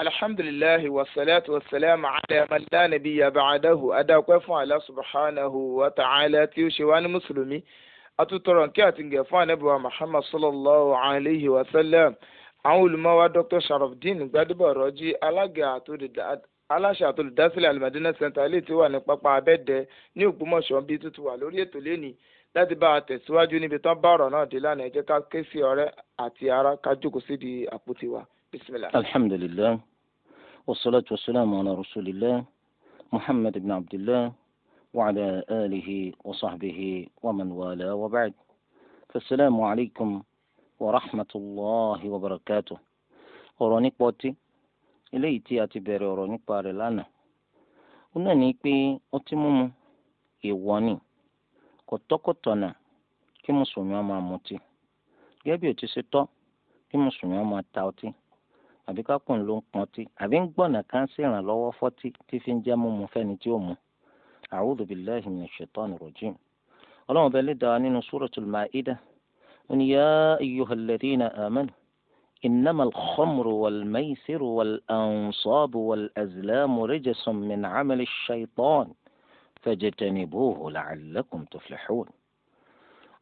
الحمد لله والصلاة والسلام على la nabiyya ba'dahu adáwọ̀pẹ́ fún Allah subhanahu wa ta'ala tí ó ṣe wá ní mùsùlùmí atútọ̀rọ̀ nkí àti ngẹ̀ fún anábìwá muhammad sallallahu alayhi wa sallam àwọn olùmọ̀wá dr sharafdin gbadebo rọ́jí alága aláṣẹ àtolùdásílẹ̀ alimadina center ilé tí ó wà ní pápá abẹ́dẹ ní ògbómọ̀ṣọ́ bíi tuntun wà lórí ètò lẹ́nìí láti bá a tẹ̀síwájú níbi tán bá ọ̀rọ̀ náà dé lánàá ẹ ká ké sí ọ̀rẹ́ àti ará ká jókòó sídìí àpótí wa. بسم الله الحمد لله والصلاة والسلام على رسول الله محمد بن عبد الله وعلى آله وصحبه ومن والاه وبعد فالسلام عليكم ورحمة الله وبركاته أورونيك بوتي إلي تياتي بيري أورونيك باري لنا ونانيك بي أتمم إيواني kọtọkọtọna kí mùsùlùmí ọmọ àmọtí gẹ́gẹ́ bí ó ti ṣe tọ́ kí àbí kápòun ló ń pọntí àbí ń gbọ̀nà kan sí ìrànlọ́wọ́ fọ́tí tí fi ń jẹ́ mu fẹ́ni tí ó mu fẹ́ni tí ó mu a'udhu billahi minash shaitani ọlọ́run ọlọ́run bẹ́ẹ̀ lè dá wa nínú sùúrù suratul ma'ida ó ní yá iyo ladhina amanu إنما الخمر والميسر والأنصاب والأزلام رجس من عمل الشيطان فاجتنبوه لعلكم تفلحون.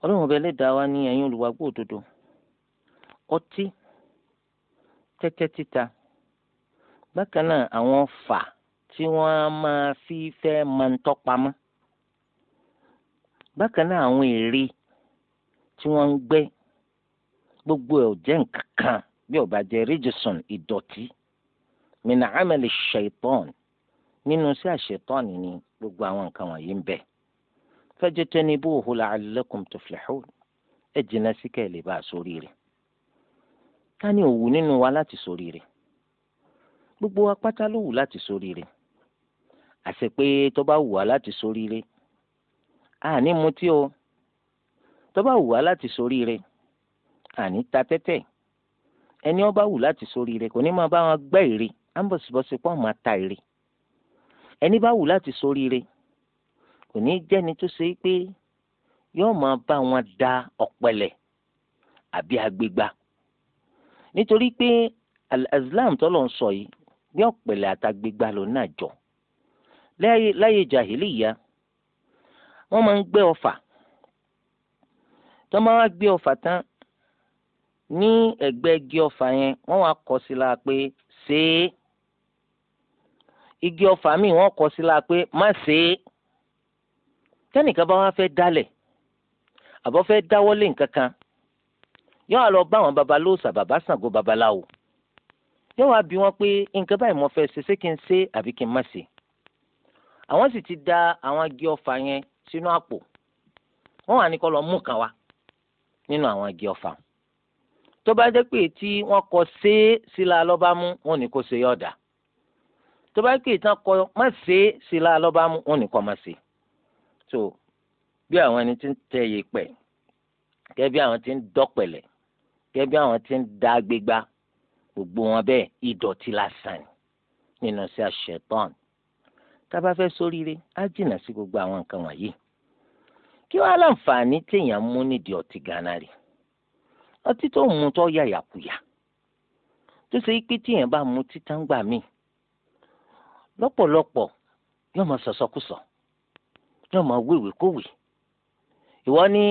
ọlọ́run ọba ẹlẹ́dàá wa tẹ́tẹ́ títa bákan náà àwọn fà tí wọ́n máa fi fẹ́ máa ń tọ́pamọ́ bákan náà àwọn èrè tí wọ́n ń gbẹ́ gbogbo ẹ̀ ò jẹ́ nǹkan kan bí ó jẹ́ rígison ìdọ̀tí mina amẹ́lì ṣẹ̀tọ́n nínú sí àṣetọ́n ni gbogbo àwọn nǹkan wọ̀nyí ń bẹ fẹ́jọ́ tẹ́ni bó o hùwà la'allakum tuflihun ẹ̀ jìnnà sí lè bá a sórí rẹ̀ ta ni òwú nínú wa láti ṣoríire gbogbo wa pátá ló wù láti ṣoríire àṣẹ pé tó bá wù wá láti ṣoríire àní mutí o tó bá wù wá láti ṣoríire àní ta tẹ́tẹ́ ẹni ó bá wù láti ṣoríire kò ní máa bá wọn gbẹ́ ère á ń máa ta ère ẹni bá wù láti ṣoríire kò ní jẹ́ni tó ṣe pé yóò máa bá wọn da ọ̀pẹ̀lẹ̀ àbí agbègbà nítorí pé al-azlam tọ́lọ̀ ń sọ yìí bí ọ̀pẹ̀lẹ̀ àtàgbégbá ló náà jọ láyé jahiliya wọ́n máa ń gbé ọfà tó máa wá gbé ọfà tán ní ẹ̀gbẹ́ igi ọfà yẹn wọ́n wá kọ sí la pé ṣe igi ọfà míì wọ́n kọ sí la pé má ṣe é tẹ́nìkan bá wá fẹ́ dálẹ̀ àbọ̀ fẹ́ dáwọ́lé nǹkan kan yóò wá lọ bá àwọn babalóòsà bàbá Ṣàngó babaláwo yóò wá bí wọn pé nǹkan báyìí mo fẹ́ ṣe ṣé kí n ṣe àbí kí n má ṣe àwọn sì ti da àwọn agi ọfà yẹn sínú àpò wọn wà ní kó lọ mú kan wá nínú àwọn igi ọfà tó bá jẹ́ pé tí wọ́n kọ ṣe é sílá lọ́ba mú wọn ní kó ṣe yọ̀dà tó bá pè tán kọ má ṣe é sílá lọ́ba mú wọn ní kó má ṣe so bí àwọn ẹni tí ń tẹ yèèpẹ̀ kẹ́ bí àwọn tí ń dọ́pẹ̀lẹ̀ gẹ́gẹ́ àwọn tí ń da gbégbá gbogbo wọn bẹ́ẹ̀ ìdọ̀tí lásán nínú sí àṣetán tá bá fẹ́ ṣoríire á jìnnà sí gbogbo àwọn nǹkan wọ̀nyí kí wàá láǹfààní téèyàn mú nídìí ọtí gánà rè ọtí tó mú tó yàyàkuyà tó ṣe pé téèyàn bá mú títàn gbà mí lọ́pọ̀lọpọ̀ yóò máa sọ̀sọ́kùsọ̀ yóò máa wéwèé kówèé ìwọ ní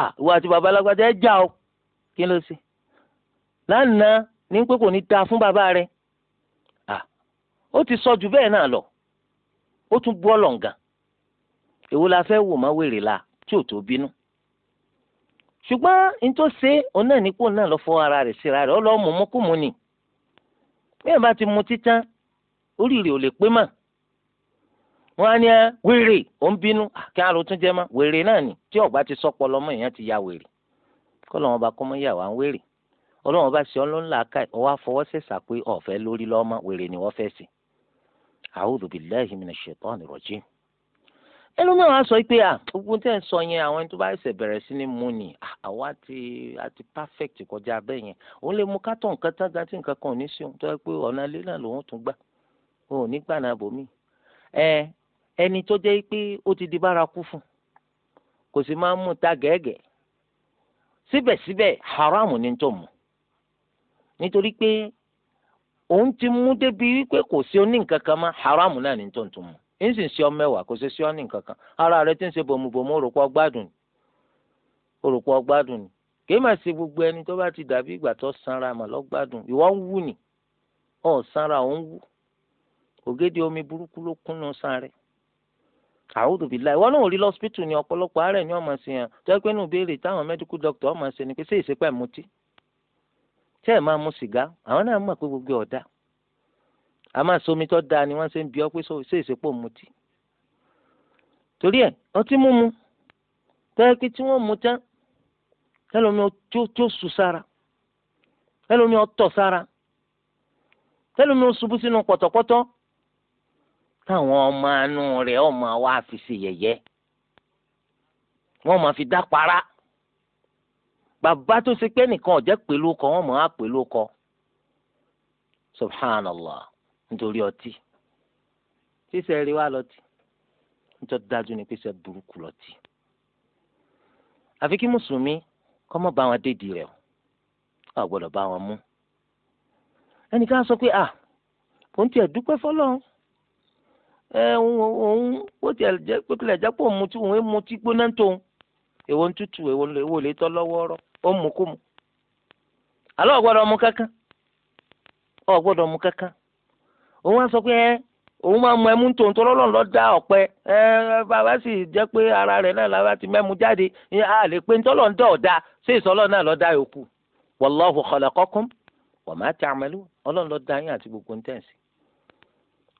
à ìwọ àti babalágbádá ẹ já o kí ló ṣe lánàá ní pé kò ní fún bàbá rẹ ó ti sọ jù bẹ́ẹ̀ náà lọ ó tún bú ọlọ́ǹgà èwo la fẹ́ wò má wèrè la tí ò tó bínú ṣùgbọ́n n tó ṣe òun náà náà lọ fọ ara rẹ̀ síra rẹ̀ lọ mu nì bẹ́ẹ̀ bá ti mu títán ò lè pé á ní wèrè ó ń bínú ti lọ́mọ ti ya wèrè kọ́lọ́wọ́n bá kọ́mọ́ yà wá ń wèrè ọlọ́wọ́n bá ṣe ọlọ́run làákà ọwọ́ àfọwọ́sẹ̀sà pé ọ̀fẹ́ lórí lọ́mọ wèrè ni wọ́n fẹ́ sí. a'udhu billahi minash shaitani rajim. ẹnu náà wá sọ pé à ogun tẹ́ ń sọ yẹn àwọn ẹni tó bá ṣẹ̀ bẹ̀rẹ̀ sí ni mú ni àwa ti àti perfect kọjá abẹ́ yẹn òun lè mú kátó nǹkan tán gan nǹkan kan ò ní sí òun tó yẹ pé ọ̀nà ilé náà lòun tún gbà òun ní gbà náà bòmí. ẹ ẹni tó jẹ́ pé ó ti di bárakú fún kò sì máa ń mú ta gẹ́gẹ́ síbẹ̀síbẹ̀ haram ni tó mu nítorí pé òun ti mú débi wípé kò sí oníǹkan kan mọ́ haram náà ni tó ń tó mu ń sì ń ṣe ọmọ ẹwà kò sí sí oníǹkan kan ara rẹ ti ń ṣe bòmùbòmù òrùpọ̀ gbádùn òrùpọ̀ gbádùn ni kìí máa ṣe gbogbo ẹni tó bá ti dàbí ìgbà tó sanra mà lọ́gbádùn ìwọ ń wù ní ọ̀ sanra ò ń wù ògèdè omi burúkú ló kúnnú san rẹ̀ àwùdù bílà ìwọ náà ò rí lọ́sípítù ni ọ̀pọ̀lọpọ̀ àárẹ̀ ni ọmọ sí yẹn tó yẹ pé inú béèrè táwọn mẹ́díkù dókítà ọmọ sí ni pé ṣé ìṣepẹ́ ṣé mu sìgá àwọn náà mọ̀ pé gbogbo ọ̀dà a máa somi tó dáa ni wọ́n ṣe ń bi ọ pé ṣé ìṣepọ̀ mutí torí ẹ̀ ọtí mímu tó tí wọ́n mu tán ẹlòmí táwọn ọmọ anú rẹ̀ ọmọ wa fi ṣe yẹ̀yẹ́ wọ́n máa fi dá para bàbá tó ṣe pé nìkan ọ̀jẹ́ pẹ̀lú kọ wọ́n máa pẹ̀lú kọ subhanallah nítorí ọtí ṣíṣe rí wa lọtí nítorí dájú ni pèsè burúkú lọtí àfi kí mùsùlùmí kọ́ mọ́ bá wọn dédìí rẹ̀ ọ̀ gbọ́dọ̀ bá wọn mú ẹnìkan sọ pé à òun tiẹ̀ dúpẹ́ fọlọ́run òun òun ó tiẹ̀ jẹ́ pé tilẹ̀ jẹ́ pé òun mutí òun mutí gbóná tóun èwo ń tutù èwo lè tọ́ lọ́wọ́ rọ́ ó mú kó mu àlọ́ ọ̀gbọ́dọ̀ mu kankan ọ̀gbọ́dọ̀ mu kankan òun á sọ pé ẹ òun máa mu ẹmu tóun tó lọ́lọ́run lọ́ da ọ̀pẹ ẹ bàbá sì jẹ́ pé ara rẹ̀ náà làbá ti mẹ́mu jáde a lè pe ntọ́lọ̀ ń dọ̀ ọ̀dà sí ìsọlọ́ náà lọ́ da yòókù wallahu khalaqakum wa ma ta'malun ọlọ́run ló dá yín àti gbogbo ń tẹ̀sí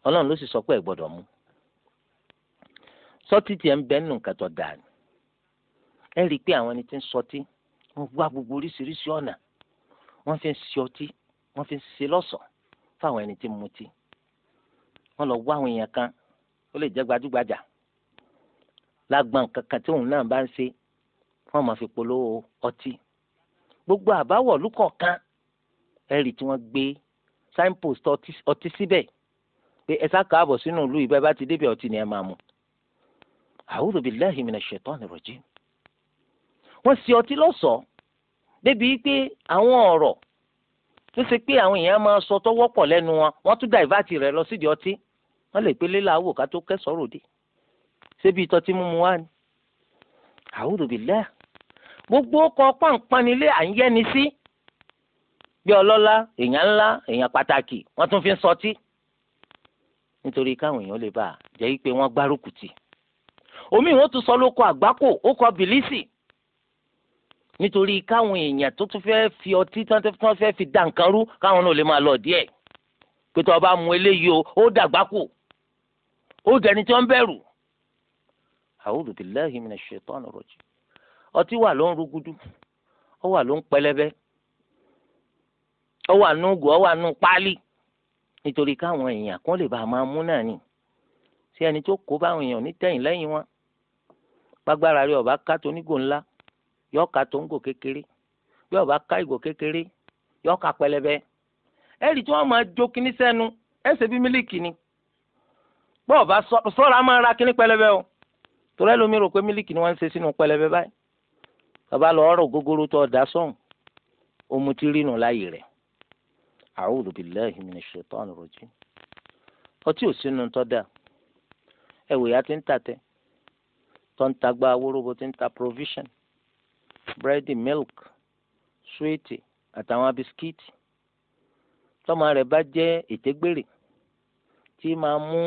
ọlọ́run ló sì sọ pé ẹ gbọ́dọ̀ mú sọtí tiẹ̀ ń bẹ́ nù nǹkan tó dáa ni ẹ rí i pé àwọn ẹni tí ń sọtí wọ́n wá gbogbo oríṣiríṣi ọ̀nà wọ́n fi ń ṣe ọtí wọ́n fi ń ṣe lọ́sọ̀ọ́ fáwọn ẹni tí ń mutí wọ́n lọ wá àwọn èèyàn kan ó lè jẹ́ gbajúgbajà lágbọn kankan tí òun náà bá ń ṣe wọ́n máa fi polówó ọtí gbogbo àbáwọ̀lú kọ̀ọ̀kan ẹ rí i tí wọ́n gbé signpost ọtí síbẹ̀ pé ẹ sá káàbọ̀ sínú ìlú ìbẹ́ bá ti débi ọtí ni ẹ máa mu a'udhu billahi minash shaitani rajim wọ́n sì ọtí lọ́sọ̀ọ́ débi pé àwọn ọ̀rọ̀ tó ṣe pé àwọn èèyàn máa sọ tó wọ́pọ̀ lẹ́nu wọn wọ́n tún dàìvátì rẹ̀ lọ sídìí ọtí wọ́n lè pélé làwò ká tó kẹsọ̀rọ̀ òde ṣébi ìtọ́ tí mímu wá ni a'udhu billah gbogbo ọkọ̀ pàǹpanilé à ń yẹ́ni sí bí ọlọ́lá èèyàn ńlá èèyàn pàtàkì wọ́n tún fi ń sọtí. So nítorí káwọn èèyàn lè bá a jẹ́ pé wọ́n gbárùkù omi ìwọ́n tún sọ ló kọ àgbákò ó kọ bìlísì nítorí káwọn èèyàn tó tún fẹ́ẹ́ fi ọtí tí wọ́n fẹ́ẹ́ fi dá nǹkan rú káwọn náà lè máa lọ díẹ̀ pé tó o bá mu eléyìí o ó dàgbákò ó dẹni tí wọ́n bẹ̀rù. a'udhu billahi minash shaitanir rajim ọtí wà ló ń rúgudu ó wà ló ń pẹlẹbẹ ó wà nùgù ó wà nù páálí nítorí káwọn èèyàn kan lè bá a máa mú náà ni ṣé ẹni tó kó báwọn èèyàn nítẹ̀yìn lẹ́yìn wọn gbágbára rẹ ọba ká tó nígò ńlá yọ ká tó ń gò kékeré yọ ọba ká ìgò kékeré yọ ká pẹlẹbẹ ẹ̀rí tí wọ́n máa jó kinní sẹ́nu ẹ̀sẹ̀ bíi mílíkì ni bọ́ ọba sọ́ra máa ra kinní pẹlẹbẹ o torí ẹlòmí rò pé mílíkì ni wọ́n ń ṣe sínú pẹlẹbẹ báyìí bàbá lọ ọ̀rọ̀ gógóró tó ọ̀dà sọ̀hún òmùtí rínú láyè rẹ̀ a'udhu billahi minash shaitani rajim ọtí ò sínú tọ́da ẹ̀wò ya ti ń tàtẹ́ tó ń ti ń ta provision búrẹ́dì milk súwìtì àtàwọn bisikíìtì tọ́mọ rẹ̀ bá jẹ́ ètégbèrè tí máa mú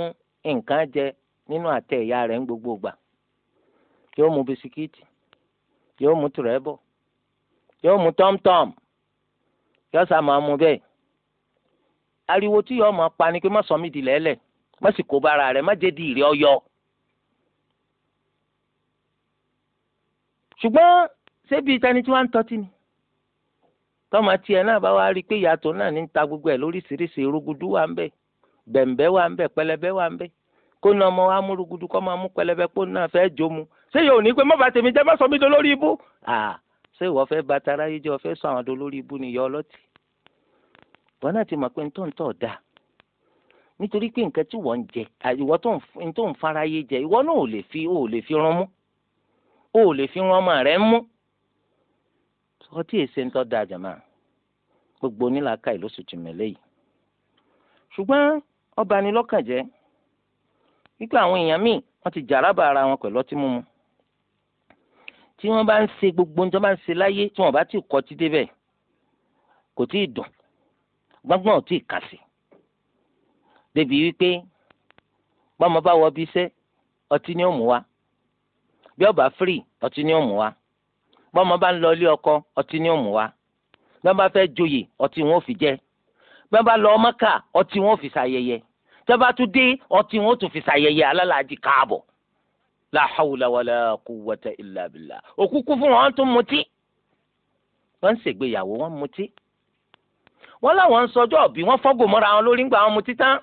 nǹkan jẹ nínú àtẹ ìyá rẹ̀ ń gbogbo gbà yóò mú bisikíìtì yóò mú tìrẹ́bọ̀ yóò mú tọ́mtọ́m yóò sá máa mú bẹ́ẹ̀ ariwo tí yọọ máa pa ni pé má sọ mí di lẹ́lẹ̀ má sì kó bára rẹ̀ má jẹ́ di ìrẹ́ ọyọ. ṣùgbọ́n ṣébi tani tí wọ́n ń tọ́tí ni tọ́mọ tiẹ̀ náà bá wá rí i pé ìyàtọ̀ náà ní ta gbogbo ẹ̀ lóríṣiríṣi erugudu wà ń bẹ̀ bẹ̀m̀bẹ̀ wà ń bẹ̀ pẹlẹbẹ wà ń bẹ̀ kó náà ọmọ wa mú erugudu kọ́ máa mú pẹlẹbẹ kó náà fẹ́ jó mu ṣé yóò ní pé mọ́ba tèmi jẹ́ má sọ mí dolórí ibú ṣé ìwọ fẹ́ bàtàrà yìí jẹ́ ọ fẹ́ sọ àwọn dolórí ibú ni ìyá ọlọ́tì wọn náà ti mọ̀ pé ntọ́ ntọ́ da nítorí pé nǹkan tí wọ́n ń jẹ ìwọ tó ń farayé jẹ ìwọ náà ò lè fi ò lè fi rán mú ò lè fi rán ọmọ rẹ mú ọtí èsè ntọ́ da jàmá gbogbo onílàákà ìlú sùtì mẹ́lẹ́ yìí ṣùgbọ́n ọba ni lọ́kàn jẹ́ wípé àwọn èèyàn míì wọ́n ti jàrábà ara wọn pẹ̀lú ọtí mímu tí wọ́n bá ń ṣe gbogbo ohun tí bá ń ṣe láyé tí wọ́n bá ti kọ́ ti débẹ̀ kò tí ì dùn gbọ́ngbọ́n ò tí ì kà sí. débi wípé bọ́mọ bá wọ bí iṣẹ́ ọtí ni ó mú wa bí ọba firi ọtí ni ó mú wa bọ́mọ bá ń lọ ilé ọkọ ọtí ni ó mú wa bí wọ́n bá fẹ́ joyè ọtí wọn ò fi jẹ bí wọ́n bá lọ Mákà ọtí wọn ò fi ṣayẹyẹ tí wọ́n bá tún dé ọtí wọn ò tún fi ṣayẹyẹ alálàájì káàbọ̀ la hawla wala quwwata illa billah òkúkú fún wọn tún mutí wọ́n ń ṣègbéyàwó wọ́n mutí wọ́n láwọn ń sọjọ́ ọ̀bí wọ́n fọ́gò mọ́ra wọn lórí ńgbà wọn mu títán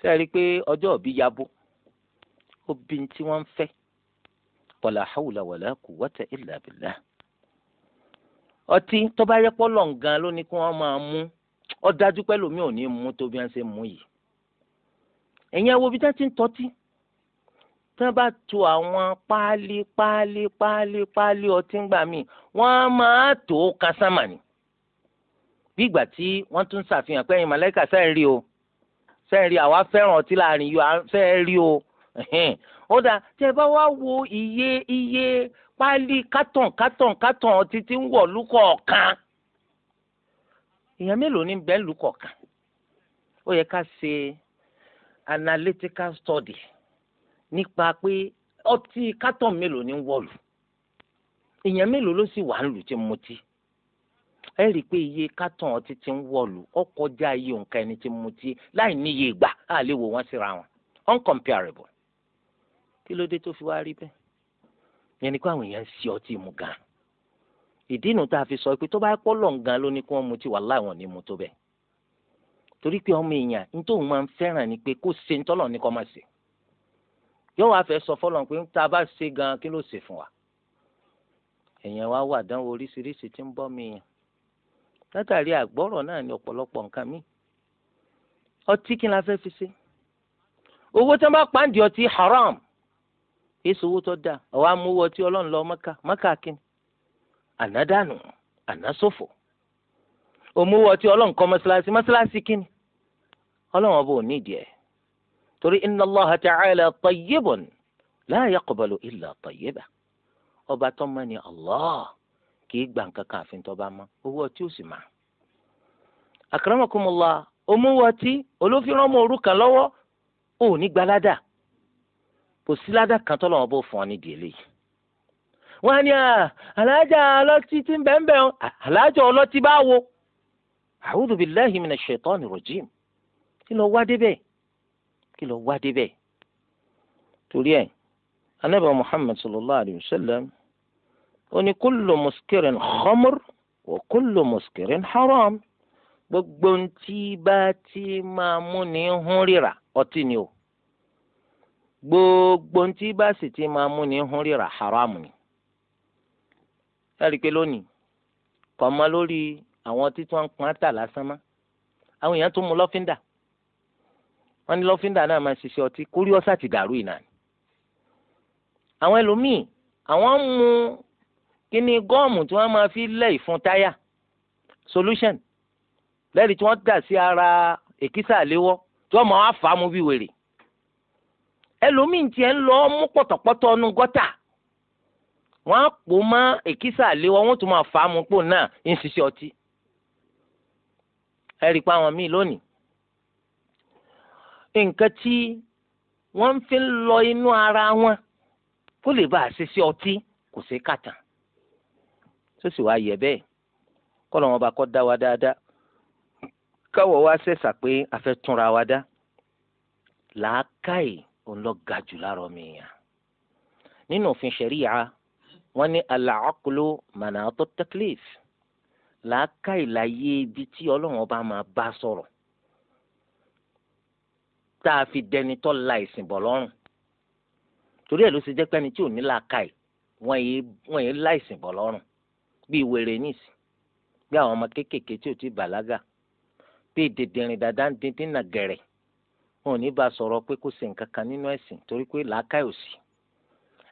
ṣe rí i pé ọjọ́ ọ̀bí yabo obìn tí wọ́n ń fẹ́ wàlà hàwùlà wàlà quwwata illa billah ọtí tó bá yẹ pọ́ lọ̀ǹgàn ló ní kí wọ́n máa mú ọ dájú pé lómi ò ní mú tó bí wọ́n ṣe mú yìí ẹ̀yin ẹ bí wọ́n ti ń tọ́tí tí wọ́n bá to àwọn páálí páálí páálí páálí ọtí ńgbà míì wọ́n máa tó kásámà ni bí ìgbà tí wọ́n tún ṣàfihàn pé ẹ̀yin màláìkà sẹ́ẹ̀ rí o sẹ́ẹ̀ rí àwa fẹ́ràn ọtí láàrin yóò sẹ́ẹ̀ rí o ó dáa tẹ́ bá wá wo iye iye páálí kátàn kátàn kátàn ọtí tí ń wọ̀ lúkọ̀ọ̀kan èèyàn mélòó ní bẹ́ẹ̀ lúkọ̀ọ̀kan ó yẹ ká ṣe analytical study nípa pé ọtí kátàn mélòó ní wọ̀lù èèyàn mélòó ló sì wà ń lù tí mo ti ẹ rí i pé iye kátàn ọtí ti ń wọ̀lú ó kọjá iye nǹkan ẹni tí mu ti láì níye ìgbà á wò wọ́n síra wọn uncomparable kí ló dé tó fi wá rí bẹ́ẹ̀ yẹn ni pé àwọn èèyàn ń ṣe ọtí mu gan ìdí inú tá a fi sọ pé tó bá pọ́ lọ̀ gan ló ní kí wọ́n mu ti wà láwọn ní mu tó bẹ́ẹ̀ torí pé ọmọ èèyàn ní tóun máa ń fẹ́ràn ni pé kó ṣe ń tọ́lọ̀ ní kọ́ máa ṣe yóò wá fẹ́ sọ fọlọ́n pé tá a bá ṣe gan kí ló ṣe fún wa èèyàn wa wà dánwò oríṣiríṣi tí ń bọ́ mi yàn látàrí àgbọ́rọ̀ náà ni ọ̀pọ̀lọpọ̀ nǹkan mi ọtí kí la fẹ́ fi ṣe owó tí wọ́n bá pàǹdì ọtí haram èso owó tó dáa ọ̀wá amówó ọtí ọlọ́run lọ mọ́kà mọ́kà kíni ànádànù ànásòfò òmùwọ̀ ọtí ọlọ́run kọ́ mọ́ṣáláṣí mọ́ṣáláṣí kíni ọlọ́run ọba ò ní ìdí ẹ̀ torí inna Allaha ta'ala tayyibun la yaqbalu illa tayyiba ọba tó mọ́ ni Allah kì í gbà nǹkan kan àfi tó bá mọ́ owó ọtí ò sì mà. àkàràmọ̀kọ́mọ́lá omówó ọtí olófin rán ọmọ òrukàn lọ́wọ́ ò ní gbalada kò sí ládà kan tọ́lọ̀ wọn bó fún ọ nídìí eléyìí. wọ́n á ní alájà ọlọ́tí ti ń bẹ́ẹ̀ bẹ́ẹ̀ alájà ọlọ́tí bá wo. a'udhu billahi minash shaitani rajim kí ló wá débẹ̀ kí ló wá débẹ̀. torí ẹ̀ anábà Muhammad sallallahu alayhi wa sallam ó ní kullu muskirin khamr wa kullu muskirin haram gbogbo ntí bá ti máa múni hún ríra ọtí ni o gbogbo ntí bá sì ti máa múni hún ríra haram ni ẹ̀rí pé lónìí kọ̀ mọ́ lórí àwọn tí pọn tà lásán mọ́ àwọn èèyàn tó mu lọ́fíńdà wọ́n ní lọ́fíńdà náà máa ń ọtí kórí ọ̀sà ti dàrú ìnà àwọn ẹlòmíì àwọn ń kí ni gọ́ọ̀mù tí wọ́n máa fi lẹ̀ ìfun táyà solution lẹ́rìí tí wọ́n dà sí ara èkísà léwọ́ tí wọ́n máa wá fà á mú bí wèrè ẹlòmíín tiẹ̀ ń lọ mú pọ̀tọ̀pọ̀tọ̀ ọnu gọ́tà wọ́n á pò mọ́ èkísà léwọ́ wọ́n tún máa fà á mú pò náà ń ṣiṣẹ́ ọtí ẹ̀rí pa àwọn míì lónìí nǹkan tí wọ́n fi ń lọ inú ara wọn kó lè bá a ṣe sí ọtí kò sí kàtàn tó sì wáá yẹ bẹ́ẹ̀ kọ́lọ̀ wọn bá kọ́ dá wa dáadáa káwọ̀ wá sẹ̀sà pé a fẹ́ túnra wa dá làákàyè òun lọ ga jù láàrọ̀ mi yàn nínú òfin ṣẹ̀ríya wọ́n ní al-aqlu manatu taklif làákàyè láyé ibi tí ọlọ́run ọba máa bá sọ̀rọ̀ tá a fi dẹni la ìsìn bọ̀ lọ́rùn torí ẹ̀ ló ṣe jẹ́ pé tí ò ní làákàyè wọ́n yé láìsìn bọ̀ lọ́rùn bíi wèrè nìsí bí àwọn ọmọ kéékèèké tí ò ti bàlágà bíi dèdèrìn dàda ń dín dín nà gẹ̀rẹ̀ wọn ò ní bá a sọ̀rọ̀ pé kò sí nǹkan kan nínú ẹ̀sìn torí pé làákàyè ò sí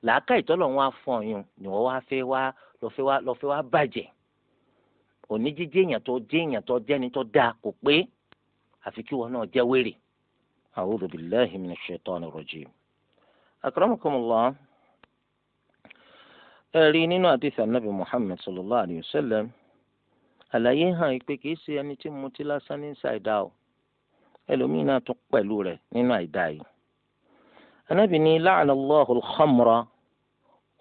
làákàyè tọ́lọ̀ wọn á fún ọyún ni wọ́n wá fẹ́ wá lọ́fẹ́ wá lọ́fẹ́ wá bàjẹ́ òní jíjẹ́ èèyàn tó jẹ́ èèyàn tó jẹ́ni tó dáa kò pé àfi kí wọn náà jẹ́ wèrè. a'udhu billahi minash shaitani rajim. akramakumullah ẹ rí i nínú àdìsí anábì sallallahu alayhi wa sallam àlàyé hàn pé kì í ṣe ẹni tí mutí lásán ní ṣàìdá o ẹlòmíín náà tún pẹ̀lú rẹ̀ nínú àìdá yìí. la'ana Allahu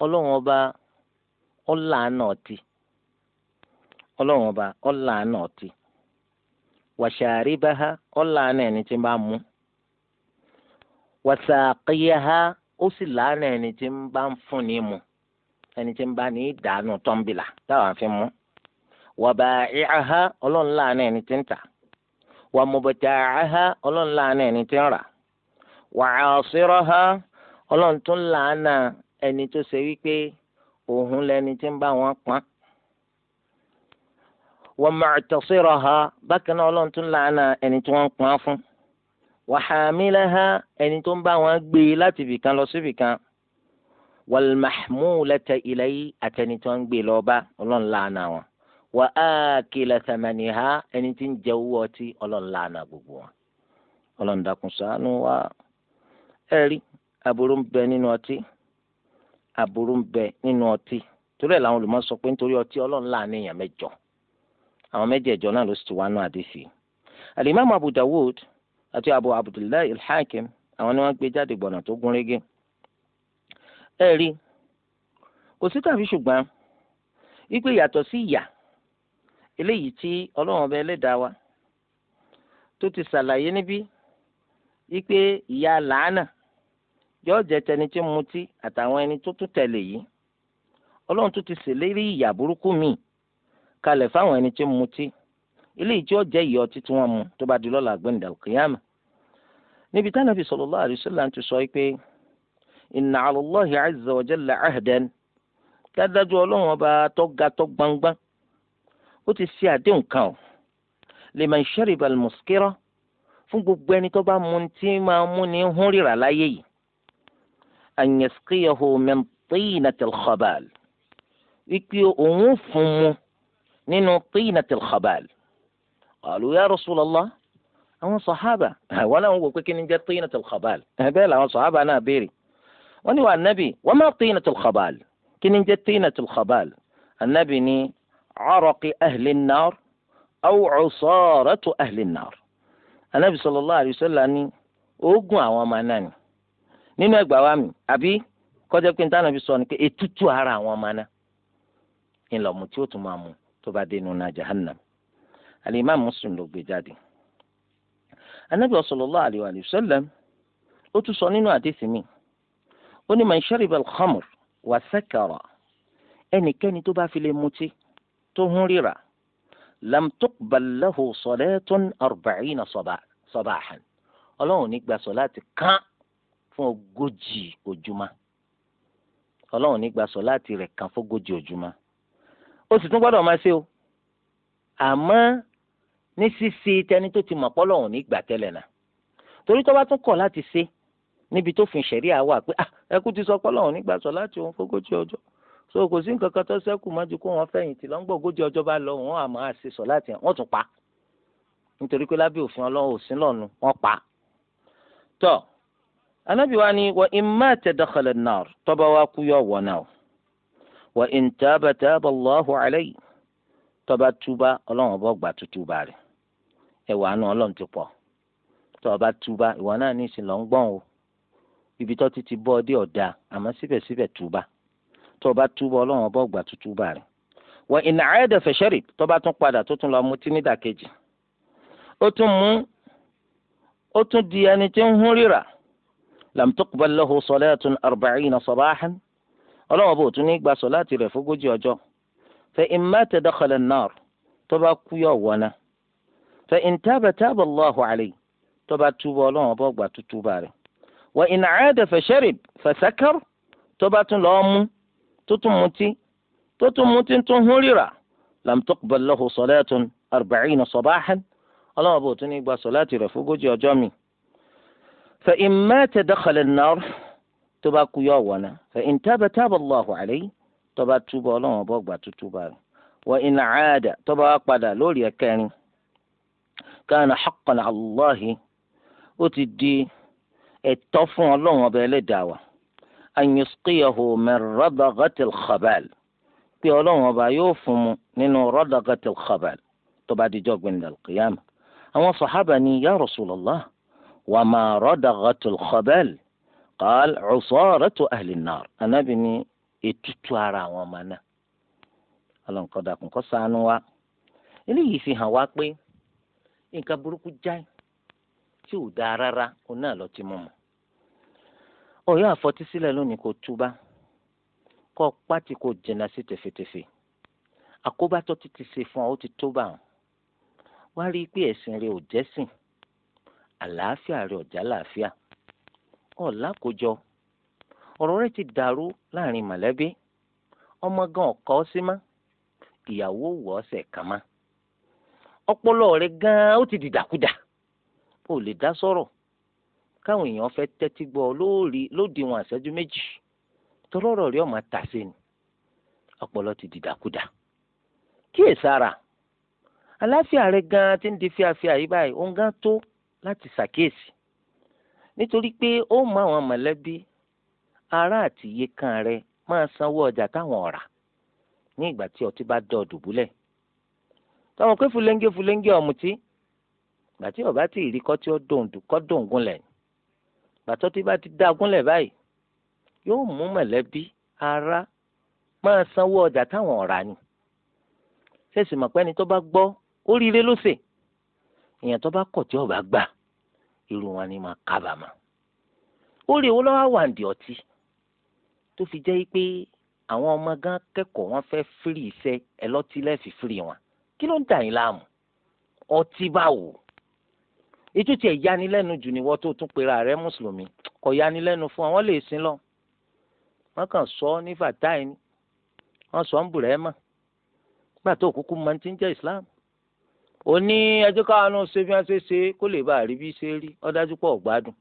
ọlọ́run ọba ọ̀làánà ọtí ọlọ́run ọba ọ̀làánà ọtí ha ọ̀làánà ẹni tí ń ẹni tí ń bá ní ìdáná tọ́ḿbìlà táwọn àfi mú wa ba'i'aha ọlọ́run láàánú ẹni tí ń tà wa mubta'aha ọlọ́run láàánú ẹni tí ń rà wa 'asiraha ọlọ́run tún láàánà ẹni tó ṣe wípé òun lẹni tí ń bá wọn pọ́n wa mu'tasiraha bákan náà ọlọ́run tún láàánà ẹni tí wọ́n ń pọ́n fún wa hamilaha ẹni tó ń bá wọn gbé láti ibìkan lọ Si wàlmàḥmúlẹ̀tẹ̀ ilẹ̀ yìí àtẹni tí wọ́n ń gbé lọ bá ọlọ́run làánà wọn wà á kìlẹ̀ tẹ̀mẹ̀nì ha ẹni tí ń jẹ owó ọtí ọlọ́run làánà gbogbo wọn. ọlọ́run dákun ṣàánú wa ẹ rí aburú ń bẹ nínú ọtí aburú ń bẹ nínú ọtí torí ẹ̀ làwọn olùmọ̀ sọ pé nítorí ọtí ọlọ́run làánà èèyàn mẹ́jọ àwọn mẹ́jẹ̀ẹ̀jọ náà ló sì ti wá nú àdéfì alimami abu dawud àti abu abdullahi alhakim àwọn ni wọ́n gbé jáde gbọ̀nà tó gúnrégé ẹ rí kò sí tàbí ṣùgbọ́n wípé yàtọ̀ sí ìyà eléyìí tí ọlọ́run ọba ẹlẹ́dàá wa tó ti ṣàlàyé níbí wípé ìyà làánà yóò jẹ tẹni tí ń mutí àtàwọn ẹni tó tún tẹ̀lé yìí ọlọ́run tó ti ṣèlérí ìyà burúkú míì kalẹ̀ fáwọn ẹni tí ń mutí eléyìí tí ó jẹ́ ìyọ́ ọtí tí mu tó bá di lọ́la gbẹ̀ǹdà òkèèyàn níbi táwọn fi sallallahu ti sọ pé. So inna ala Allahi azza wa jalla ahdan dájú ọlọ́run ọba tọ́ga tọ́ gbangba ó ti ṣe àdéhùn kan o liman shariba al-muskira fún gbogbo ẹni tó bá mu tí máa mú ní hún rírà láyé yìí an yasqiyahu min tinatil khabal wípé òun fún mu nínú tinatil khabal qalu rasulallah àwọn sàhábà àwọn làwọn wò pé kí ni jẹ́ tinatil khabal bẹ́ẹ̀ làwọn sàhábà náà béèrè wọ́n ní wa anabi wa ma tinatul khabal kí ni jẹ́ tinatul khabal anabi ní araqi ahli an-nar aw usaratu ahli an-nar anabi sallallahu alayhi wa sallam ní oògùn àwọn ọmọ náà ni nínú ẹgbàá wa mi àbí kọjá pé nítorí anabi sọ ni pé ètútù ara àwọn ọmọ náà ńlọ mu tí ó tún máa mu tó bá dé nínú jahannam alimam muslim ló gbé jáde anabi sallallahu alayhi wa ó tún sọ nínú àdéhìí mi ó ní man shariba al-khamr wa sakara ẹnikẹ́ni tó bá fi lè mutí tó hún ríra lam tuqbal lahu salatun arba'ina sabahan ọlọ́run ní gba sọ̀láàtì kan fún ogójì ojúmọ́ ọlọ́run ní gba sọ̀láàtì rẹ̀ kan fún ogójì ojúmọ́ ó sì tún gbọ́dọ̀ máa ṣe o àmọ́ ní ṣíṣe tẹni tó ti mọ̀ pọ́lọ́run ní gbà tẹ́lẹ̀ náà torí tó bá tún kọ̀ láti ṣe níbi tó fin ṣẹ̀ríà wà pé ah, ẹkú ti sọ pọ́lọ́ òun nígbà sọ láti òun fógójì ọjọ́ so kò sí nǹkan kan tó sẹ́kù má ju kó wọn fẹ̀yìntì lọ́ngbọ̀n ogójì ọjọ́ bá lọ wọn àmọ́ àṣẹ sọ láti wọn tún pa nítorí pé lábẹ́ òfin ọlọ́run òsín lọ́nu wọn pa. tọ́ anábì wa ni wọ́n imá tẹ̀dọ̀kọ̀lẹ̀ náà tọ́ba wa kú yọ wọ̀ náà wọ́n ìntàbà tàbà lọ́hùn alẹ́ yìí tọ́ba túbá ọlọ́run bọ́ gbà tútù bá rẹ̀ ẹ̀wà náà ọlọ́run ti pọ̀ tọ́ba túbá ìwọ náà ní ìsìn lọ́ o ibi tó ti ti bọ́ dé ọ̀dà àmọ́ síbẹ̀síbẹ̀ túbà tó o bá túbọ̀ ọlọ́run ọba ọgbà tó túbà rẹ̀ wọ ìnà àyẹ̀dẹ̀ fẹ̀ṣẹ̀rì tó bá tún padà tó tún lọ mutí nídàkejì ó tún mú ó tún di ẹni tí ń hún ríra lam tuqbal lahu salatun arba'ina sabahan ọlọ́run ọba ò tún ní gba sọ̀láàtì rẹ̀ fógójì ọjọ́ fa in wa in aada fasharib fasakar tó bá tún lọ́ọ́ mú tó tún mutí tó tún mutí tún hún ríra lam tuqbal lahu salatun arba'ina sabahan ọlọ́wọ́ bò tún ní gba sọ̀láàtì rẹ̀ fógójì ọjọ́ mi. fa in mata dakhala an-nar tó bá kú yọ wọ̀nà fa in taba taba Allahu alayhi tó bá túbọ̀ ọlọ́wọ́ bọ̀ gbà tútù bá wa in aada tó bá padà lórí ẹ̀kẹrin kana haqqan Allahi ó ti di ẹ̀tọ́ fún ọlọ́run ọba ẹlẹ́dàá wa anyusqiyahu min radagatil khabal pé ọlọ́run ọba yóò fún mu nínú radagatil khabal tó bá dijọ́ gbẹ̀ndàl qiyama àwọn sàhábà ni ya rasulallah wa ma radagatil khabal qaal cusaaratu ahli naar anabi ni ètùtù ara àwọn ọmọ náà ọlọ́run kọ́ dàkún kó ṣàánú wa eléyìí fi hàn wá pé nǹkan burúkú jáì tí ò dáa rárá òun náà lọ ti mú mu. ọ̀yọ́ àfọtísílẹ̀ lónìí kò túbá kọ́ pátì kò jìnnà sí tẹ̀fẹ̀tẹ̀fẹ̀ àkóbá tó ti ti ṣe fún ọ ó ti tó bá wọn. wá rí i pé ẹ̀sìn rẹ ò jẹ́sìn àlàáfíà rẹ ò làáfíà ọ̀la kò jọ rẹ ti dàrú láàrin mọ̀lẹ́bí ọmọ gan ọ̀kọ́ sí má ìyàwó wọ̀ ọ́ kàn má ọpọlọ rẹ gan ó ti dìdàkudà ò lè dá sọ̀rọ̀ káwọn èèyàn fẹ́ tẹ́tí gbọ́ lóòrí lódiwọ̀n àṣẹ́jú méjì tọ́lọ́rọ̀ rí ọ̀mà tàṣe ni ọpọlọ ti dìdàkudà kíyèsára aláfíà rẹ gan ti ń di fíafíà yìí báyìí òun gan tó láti ṣàkíyèsí nítorí pé ó mọ àwọn mọ̀lẹ́bí ará àti yíkan rẹ máa sanwó ọjà táwọn ọ̀rà ní ìgbà tí ọtí bá dọ̀ dùbúlẹ̀ táwọn pé ọ̀mùtí gbàtí ọba tí ìrí kọ́ tí ó dùn kọ́ dùn gúnlẹ̀ gbàtọ́ tí bá ti dá gúnlẹ̀ báyìí yóò mú mọ̀lẹ́bí ara máa sanwó ọjà táwọn ọ̀rà ni ṣèṣì mọ̀ pé tó bá gbọ́ oríire ló ṣe èèyàn tó bá kọ̀ tí ọba gbà irú wọn ni máa kábàámọ̀ ó rí owó lọ́wọ́ wà ní ọtí tó fi jẹ́ pé àwọn ọmọ gan kẹ́kọ̀ọ́ wọn fẹ́ fírì iṣẹ́ ẹlọ́tí lẹ́sìn fírì wọn kí ló ń dà yín láàmú ọtí bá wò ó ètò tiẹ̀ yanilẹ́nu jù ni wọ́n tó tún pera rẹ̀ mùsùlùmí kò yanilẹ́nu fún wọn lè sin lọ wọ́n kàn sọ ní fatai ni wọ́n sọ ń bùrẹ́ mọ́ gbà tó kúkú máa ti ń jẹ́ islam ó ní ẹjọ́ káwọn ṣe bí wọ́n ṣe ṣe kó lè bá àríbí ṣe rí ọ̀dájú pọ̀ gbádùn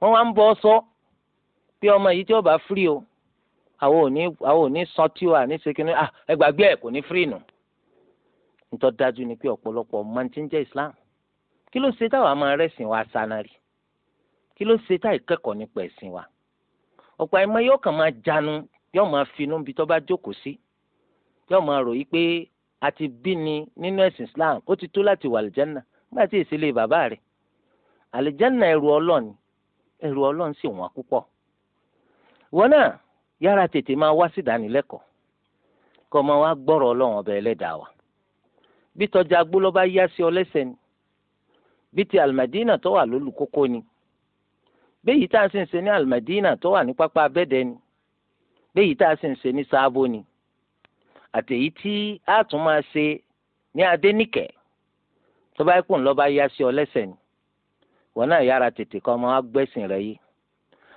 wọ́n wá ń bọ́ sọ pé ọmọ yìí tí ó bá firi o àwọn ò ní sọ tí o àní ṣe kínní ẹgbàgbé ẹ kò ní firi nù nítorí dájú ni pé ọ̀pọ̀lọpọ̀ máa ti ń jẹ́ islam kí ló ṣe táwa máa rẹ́sìn wa sanari kí ló ṣe táì kẹ́kọ̀ọ́ nípa ẹ̀sìn wa ọ̀pọ̀ àìmọ̀ yóò kàn máa janu yóò máa finú bí tó bá jókòó sí yóò máa rò yí pé a ti bí ni nínú ẹ̀sìn Islam ó ti tó láti wà àlìjánà nígbà tí èsì lè bàbá rẹ̀ àlìjánà ẹrù ọlọ́ọ̀ni ẹrù ọlọ́ọ̀ni sì wọ́n púpọ̀ wọn náà yára tètè máa wá sí ìdánilẹ́kọ̀ọ́ kọ́ máa wá gbọ́rọ̀ ọlọ́run ọbẹ̀ ẹlẹ́dàá wa bí tọ́jà gbólọ́ bá yá sí ọ lẹ́sẹ̀ ni bí ti alimadina tó wà lólùkókó ni béyì tá a sì ń ṣe ní alimadina tó wà ní pápá abẹ́dẹ ni béyì tá a sì ń ṣe ní sáàbò ni àtẹ̀yí tí a tún máa ṣe ní adẹ́nìkẹ́ tó bá kùn lọ́ba yá sí ọ lẹ́sẹ̀ ni wọn náà yára tètè kọ́ ọmọ wa gbẹ̀sìn rẹ̀ yìí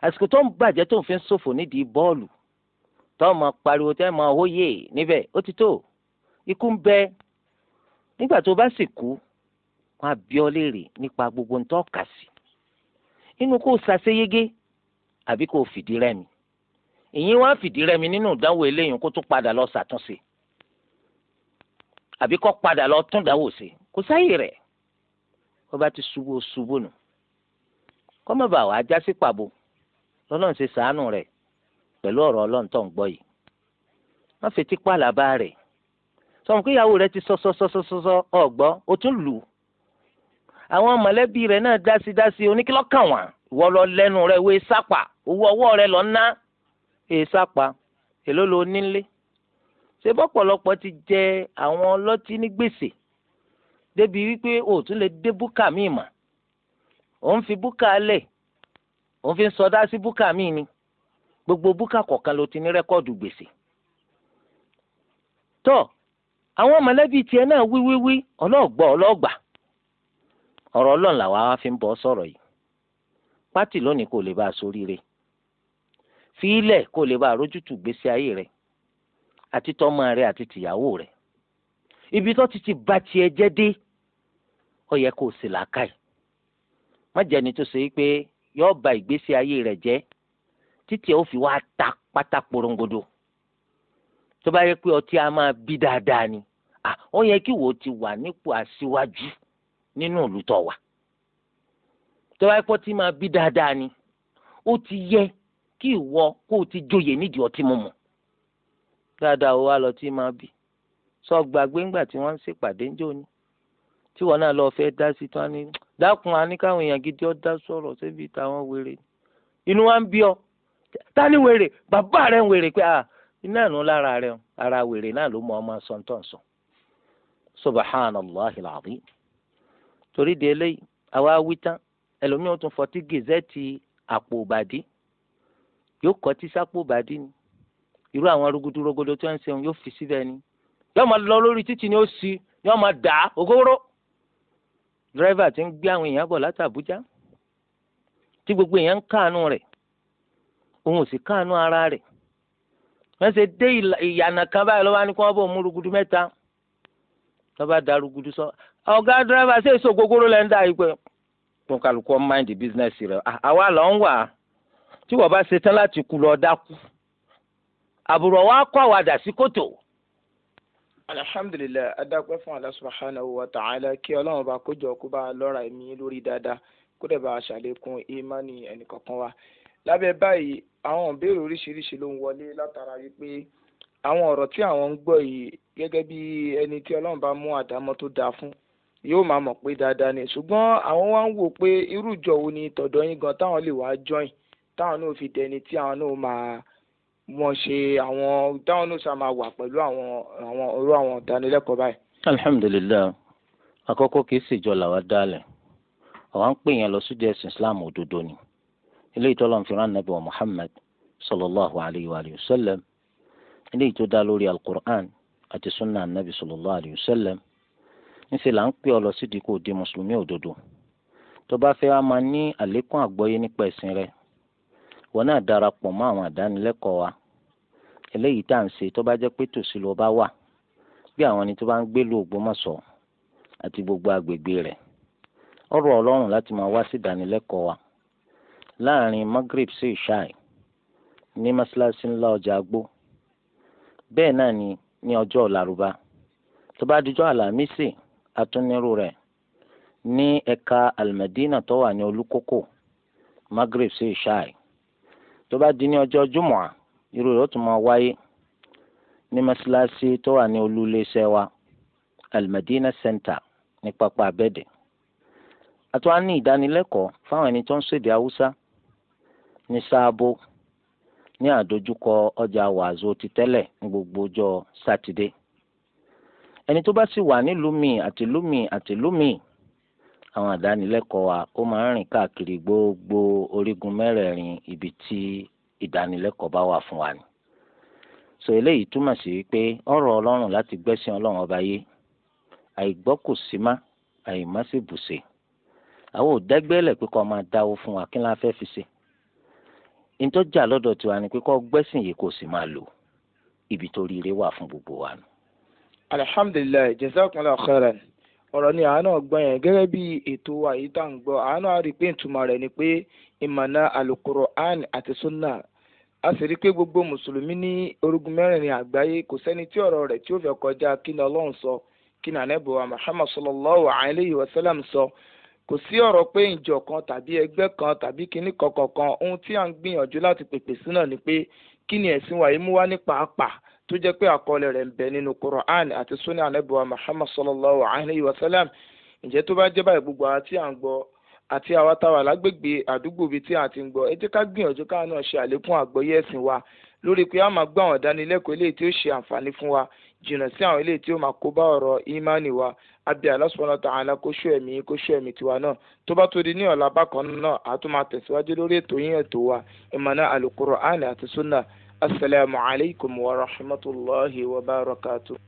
àsìkò tó ń bàjẹ́ tó ń fi ń ṣòfò nídìí bọ́ọ̀lù tó ń máa pariwo tẹ́ máa hóyè níbẹ̀ ó ti tó ikú ń bẹ nígbà tó bá sì kú wọn á bí ọ léèrè nípa gbogbo ń tọ́ kà sí nínú kó o ṣàṣeyege àbí kó o fìdí rẹmi ìyín wá fìdí rẹmi nínú ìdánwò eléyìí kó tún padà lọ ṣàtúnṣe àbí kó padà lọ tún ìdánwò ṣe kò sáyè rẹ̀ wọ́n bá ti ṣubú ṣubú nù kọ́ mọ̀ bá wàá já sí pàbó lọ́lọ́run ṣe sàánù rẹ̀ pẹ̀lú ọ̀rọ̀ ọlọ́run ń gbọ́ yìí wọ́n fetí pàlà bá rẹ̀ sọ̀rọ̀ kí ìyàwó rẹ̀ ti sọ́sọ́sọ́sọ́sọ́ ọ̀gbọ́ ó tún lù ú àwọn mọ̀lẹ́bí rẹ̀ náà dásí dásí oníkìlọ́ kàn wá ìwọ lọ lẹ́nu rẹ̀ wé sápà owó ọwọ́ rẹ̀ lọ ná èè sápà èló lo nílé ṣe bọ́pọ̀lọpọ̀ ti jẹ àwọn ọlọ́tí ní gbèsè débi wípé o tún lè dé búkà míì mà òun fi búkà lẹ̀ òun fi ń sọdá sí búkà míì ni gbogbo búkà kọ̀ọ̀kan ló ti ní rẹ́kọ́ọ̀dù gbèsè tọ́ àwọn mọ̀lẹ́bí tiẹ̀ náà wíwíwí ọlọ́ọ̀gbọ́ ọlọ́ọ̀gbà ọ̀rọ̀ ọlọ́run làwa wá fi ń bọ́ sọ̀rọ̀ yìí pátì lónìí kò lè bá a soríire fílẹ̀ kò lè bá a rójútù gbèsè ayé rẹ̀ àti tọ́mọ rẹ̀ àti tìyàwó rẹ̀ ibi tó ti ti ba tiẹ̀ jẹ́ dé ó yẹ kó o sì làákàyè má jẹ́ni tó ṣe pé yọ́ọ́ ba ìgbésí ayé rẹ̀ jẹ́ títí ó fi wá ta pátá porongodo tó bá yẹ pé ọtí a máa bí dáadáa ni ó yẹ kí wo ti wà nípò aṣíwájú. Si nínú olùtọ̀ wa tó bá tí máa bí dáadáa ni ó ti yẹ kí ìwọ kó o ti joyè nídìí ọtí mímu dáadáa ó wá lọ tí máa bí sọ gbàgbé ńgbà tí wọ́n ń ṣèpàdé ńjọ́ ni tí wọn náà lọ fẹ́ dá sí tán ni dákun àníkàwọn èèyàn gidi ọ dá sọ̀rọ̀ síbi táwọn wèrè inú wa ń bí ọ tani wèrè bàbá rẹ ń wèrè pé ah iná nu lára rẹ ara wèrè náà ló mọ ọmọ sọńtọ̀ sọ subhanallah alazim torí di eléyìí àwa wí tán ẹlòmíràn tún fọtí gèzẹ́ẹ̀tì àpò òbàdí yóò kọ́ tí sápò òbàdí ni irú àwọn arúgudu rogodo tó ń ṣeun yóò fi síbẹ̀ ni yóò máa lọ lórí títì ni ó sì yóò máa dà á ògóró dírẹ́fà ti ń gbé àwọn èèyàn bọ̀ láti Àbújá tí gbogbo èèyàn ń káàánú rẹ̀ òun ò sì káàánú ara rẹ̀ wọ́n ṣe dé ìyànà kan báyìí lọ́wọ́ á ní kí wọ́n bọ̀ mú rúgudu mẹ́ta lọ́ba da rúgudu sọ ọ̀gá dírẹ́fà ṣe èso gbogbooro lẹ́ ń dà yìí pé tó kálukú ọ́n mind business rẹ̀ àwa là ń wà tí wọ́n bá ṣe tán láti kú lọ dákú àbúrò wa kọ́ àwàdà sí kòtò. alhamdulilayi adakwe fún Allah subhanahu wa ta'ala kí ọlọ́run bá kójọ kó bá lọ́ra ẹ̀mí lórí dáadáa kó dẹ̀ bá ṣàlékún ìmánì ẹnìkọ̀ọ̀kan wa lábẹ́ báyìí àwọn ìbéèrè oríṣiríṣi ló ń wọlé látara wípé àwọn ọ̀rọ̀ tí àwọn ń gbọ́ yìí gẹ́gẹ́ bí ẹni tí ọlọ́run bá mú àdámọ́ tó dáa fún yóò máa mọ̀ pé dáadáa ni ṣùgbọ́n àwọn wá ń wò pé irú ìjọ wo ni tọ̀dọ̀ yín gan táwọn lè wá join táwọn náà fi dẹni tí àwọn náà máa wọn ṣe àwọn táwọn náà ṣá máa wà pẹ̀lú àwọn àwọn irú àwọn ìdánilẹ́kọ̀ọ́ báyìí. alhamdulilayi àkọ́kọ́ kì í ṣèjọ làwa dálẹ̀ àwa ń pè yẹn lọ sí díẹ̀ islam òdodo ni ilé ìtọ́lọ́n fi rán nàbẹ̀ wa muhammad sallallahu alayhi wa sallam ilé ìtọ́ dá lórí alukur'an àti sunnah nàbẹ̀ sallallahu alayhi wa sallam ńṣe là ń pè ọ lọ sídìí kò di mùsùlùmí òdodo tó bá fẹ́ wá máa ní àlékún àgbọ́yé nípa ẹ̀sìn rẹ wọn náà darapọ̀ mọ́ àwọn àdánilẹ́kọ̀ọ́ wa eléyìí tá à ń ṣe tó bá jẹ́ pé tòsí ló bá wà bí àwọn ẹni tó bá ń gbé lu Ògbómọ̀ṣọ́ àti gbogbo agbègbè rẹ̀ ọ̀rọ̀ Ọlọ́run láti máa wá sí ìdánilẹ́kọ̀ọ́ wa láàrin Maghrib sí ìṣáì ní mọ́ṣáláṣí ńlá ọjà àgbò bẹ́ẹ̀ náà ni ní ọjọ́ Lárúbá tó bá dijọ́ Àlàmísì atúnirú rẹ̀ ní ẹka almadina tó wà ní olúkókò magreth sí ìṣáì tó bá di ní ọjọ́ jùmọ̀à irú rẹ̀ ó tún máa wáyé ní mọ́ṣáláṣí tó wà ní wa almadina center ní pápá abẹ́dẹ̀ àtúwá ní ìdánilẹ́kọ̀ọ́ fáwọn ẹni tó ń ṣèdè haúsá ní sáàbò ní àdójúkọ ti tẹ́lẹ̀ gbogbo ọjọ́ sátidé ẹni tó bá sì wà nílùú mi àtìlú mi àtìlú mi àwọn àdánilẹ́kọ̀ọ́ wa ó máa ń rìn káàkiri gbogbo orígun mẹ́rẹ̀ẹ̀rin ibi tí ìdánilẹ́kọ̀ọ́ bá wà fún wa ni. sọ eléyìí túmọ̀ sí pé ọ̀rọ̀ ọlọ́run láti gbẹ́sìn ọlọ́run ọba yé àìgbọ́ kò sí má àìmọ́ sì bùṣe àwọn òdẹ́gbẹ́lẹ̀ pé kọ́ máa dáwó fún wa kí la fẹ́ fi ṣe. ìtọ́jà lọ́dọ̀ tiwa ni pé kọ́ gbẹ́sìn yìí kò sì máa lò ibi tó rí ire wà fún gbogbo wa nù alhamdulilayi jazakumullahu khairan ọ̀rọ̀ ni àánú ọgbọ́n yẹn gẹ́gẹ́ bí ètò àyíká ń gbọ́ àánú àárí pé ìtumọ̀ rẹ̀ ni pé ìmọ̀nà alukur'an àti sunna a sì rí i pé gbogbo mùsùlùmí ní orúgun mẹ́rìnrin àgbáyé kò sẹ́ni tí ọ̀rọ̀ rẹ̀ tí ó fẹ́ kọjá kí ni ọlọ́run sọ kí ni ànábì wa muhammad sallallahu alayhi wa sallam sọ kò sí ọ̀rọ̀ pé ìjọ kan tàbí ẹgbẹ́ kan tàbí kinní kankan kan ohun tí à ń gbìyànjú láti pèpè sí ni pé kí ni ẹ̀sìn wa mú wá ní pàápàá tó jẹ́ pé àkọọ́lẹ̀ rẹ̀ ń bẹ nínú Quran àti sunni anabiwa Muhammad sallallahu alayhi wa sallam ǹjẹ́ tó bá jẹ́ báyìí gbogbo àti à ń gbọ́ àti àwa táwa lágbègbè àdúgbò bíi tí a ti ń gbọ́ ẹ jẹ́ ká gbìyànjú káà náà ṣe àlékún àgbọ́yé ẹ̀sìn wa lórí pé a máa gbọ́ àwọn ìdánilẹ́kọ̀ọ́ eléyìí tí ó ṣe àǹfààní fún wa jìnnà sí àwọn eléyìí tí ó máa kó bá ọ̀rọ̀ ìmánì wa àbí Allah subhanahu wa ta'ala kó ṣọ́ ẹ̀mí kó ẹ̀mí tiwa náà tó bá tóó di ní ọ̀la bákan náà a tún máa tẹ̀síwájú lórí ètò yín ètò wa ìmọ̀nà Al-Qur'an àti sunnah السلام عليكم ورحمة الله وبركاته